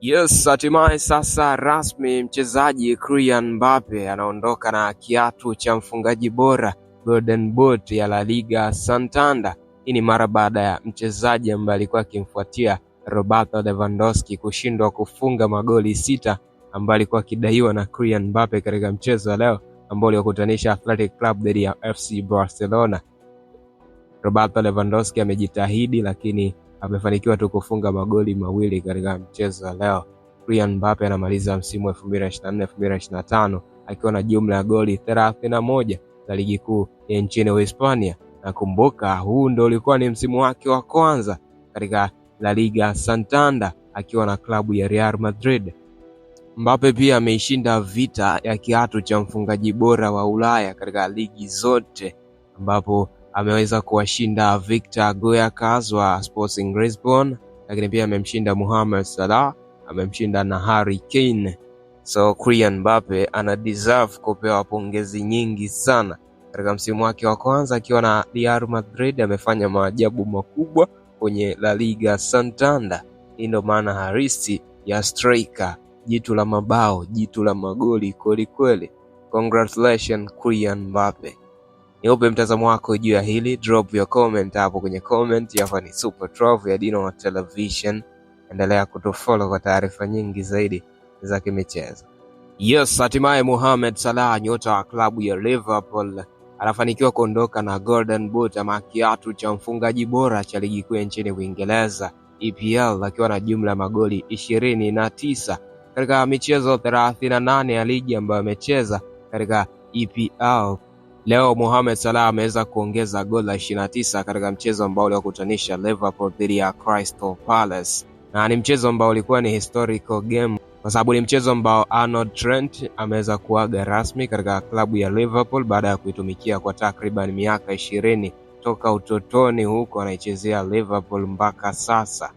Yes, hatimaye sasa rasmi mchezaji Kylian Mbappe anaondoka na kiatu cha mfungaji bora Golden Boot ya La Liga Santander. Hii ni mara baada ya mchezaji ambaye alikuwa akimfuatia Roberto Lewandowski kushindwa kufunga magoli sita ambayo alikuwa akidaiwa na Kylian Mbappe katika mchezo wa leo ambao uliokutanisha Athletic Club dhidi ya FC Barcelona. Roberto Lewandowski amejitahidi lakini amefanikiwa tu kufunga magoli mawili katika mchezo wa leo. Kylian Mbappe anamaliza msimu 2024-2025 akiwa na jumla ya goli 31 za ligi kuu ya nchini Uhispania. Nakumbuka huu ndio ulikuwa ni msimu wake wa kwanza katika La Liga Santander akiwa na klabu ya Real Madrid. Mbappe pia ameishinda vita ya kiatu cha mfungaji bora wa Ulaya katika ligi zote ambapo ameweza kuwashinda Victor goyakas wa Sporting Lisbon, lakini pia amemshinda Mohamed Salah, amemshinda na Harry Kane. So Kylian Mbappe ana deserve kupewa pongezi nyingi sana. Katika msimu wake wa kwanza akiwa na Real Madrid amefanya maajabu makubwa kwenye La Liga Santander. Hii ndio maana harisi ya striker, jitu la mabao, jitu la magoli kwelikweli. Congratulations Kylian Mbappe. Niupe mtazamo wako juu ya hili, drop your comment hapo kwenye comment. Hapa ni Super 12 ya Dino Television, endelea kutufollow kwa taarifa nyingi zaidi za kimichezo. Yes, hatimaye Mohamed Salah nyota wa klabu ya Liverpool anafanikiwa kuondoka na Golden Boot ama kiatu cha mfungaji bora cha ligi kuu nchini Uingereza EPL akiwa na jumla ya magoli ishirini na katika michezo 38 ya ligi ambayo amecheza katika EPL Leo Mohamed Salah ameweza kuongeza goli la ishirini na tisa katika mchezo ambao uliokutanisha Liverpool dhidi ya Crystal Palace, na ni mchezo ambao ulikuwa ni historical game kwa sababu ni mchezo ambao Arnold Trent ameweza kuaga rasmi katika klabu ya Liverpool baada ya kuitumikia kwa takriban miaka ishirini toka utotoni huko anaichezea Liverpool mpaka sasa,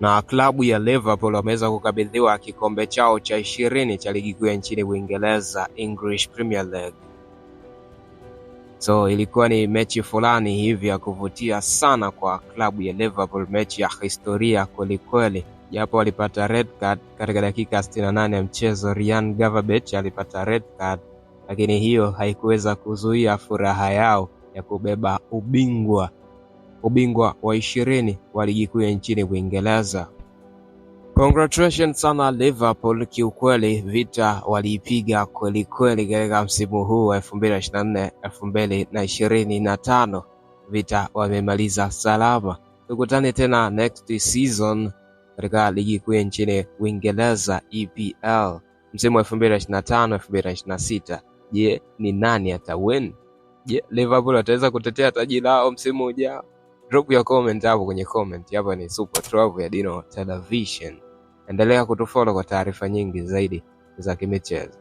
na klabu ya Liverpool wameweza kukabidhiwa kikombe chao cha ishirini cha ligi kuu ya nchini Uingereza, English Premier League. So ilikuwa ni mechi fulani hivi ya kuvutia sana kwa klabu ya Liverpool, mechi ya historia kwelikweli, japo walipata red card katika dakika 68 ya mchezo. Rian Gavabet alipata red card, lakini hiyo haikuweza kuzuia furaha yao ya kubeba ubingwa ubingwa wa ishirini wa ligi kuu ya nchini Uingereza. Congratulations sana Liverpool, kiukweli vita waliipiga kweli kweli katika msimu huu wa 2024 2025, vita wamemaliza salama. Tukutane tena next season katika ligi kuu nchini Uingereza EPL msimu wa 2025 2026. Je, ni nani atawin? Je, Liverpool wataweza kutetea taji lao msimu ujao? Drop your comment hapo kwenye comment. Hapa ni Super 12 ya Dino Television. Endelea kutufollow kwa taarifa nyingi zaidi za kimichezo.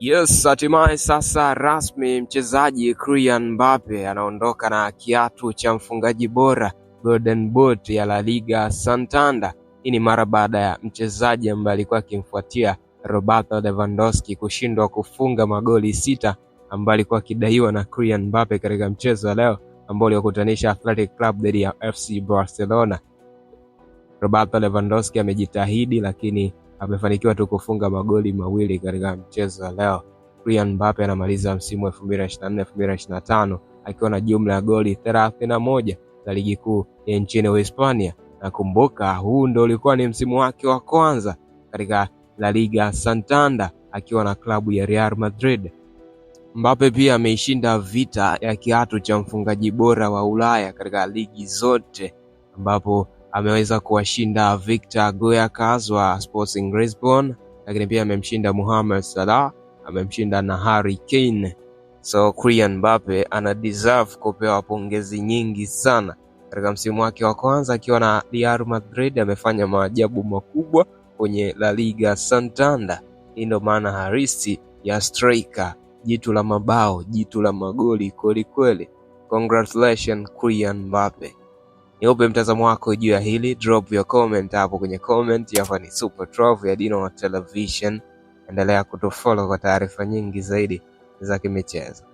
Yes, hatimaye sasa rasmi mchezaji Kylian Mbappe anaondoka na kiatu cha mfungaji bora Golden Boot ya La Liga Santander. Hii ni mara baada ya mchezaji ambaye alikuwa akimfuatia Roberto Lewandowski kushindwa kufunga magoli sita ambayo alikuwa akidaiwa na Kylian Mbappe katika mchezo wa leo ambao uliokutanisha Athletic Club dhidi ya FC Barcelona. Roberto Lewandowski amejitahidi lakini amefanikiwa tu kufunga magoli mawili katika mchezo wa leo. Kylian Mbappe anamaliza msimu 2024-2025 akiwa na jumla ya goli 31 za ligi kuu ya nchini Uhispania. Nakumbuka huu ndio ulikuwa ni msimu wake wa kwanza katika La Liga Santander akiwa na klabu ya Real Madrid. Mbappe pia ameishinda vita ya kiatu cha mfungaji bora wa Ulaya katika ligi zote ambapo ameweza kuwashinda Victor goyakas wa Sporting Lisbon, lakini pia amemshinda Mohamed Salah, amemshinda na Harry Kane. So Kylian Mbappe ana deserve kupewa pongezi nyingi sana. Katika msimu wake wa kwanza akiwa na Real Madrid amefanya maajabu makubwa kwenye La Liga Santander. Hii ndio maana harisi ya striker, jitu la mabao, jitu la magoli kweli kweli. Congratulations Kylian Mbappe niupe mtazamo wako juu ya hili. Drop your comment hapo kwenye comment. Hapa ni Super Trove ya Dino Television, endelea kutufollow kwa taarifa nyingi zaidi za kimichezo.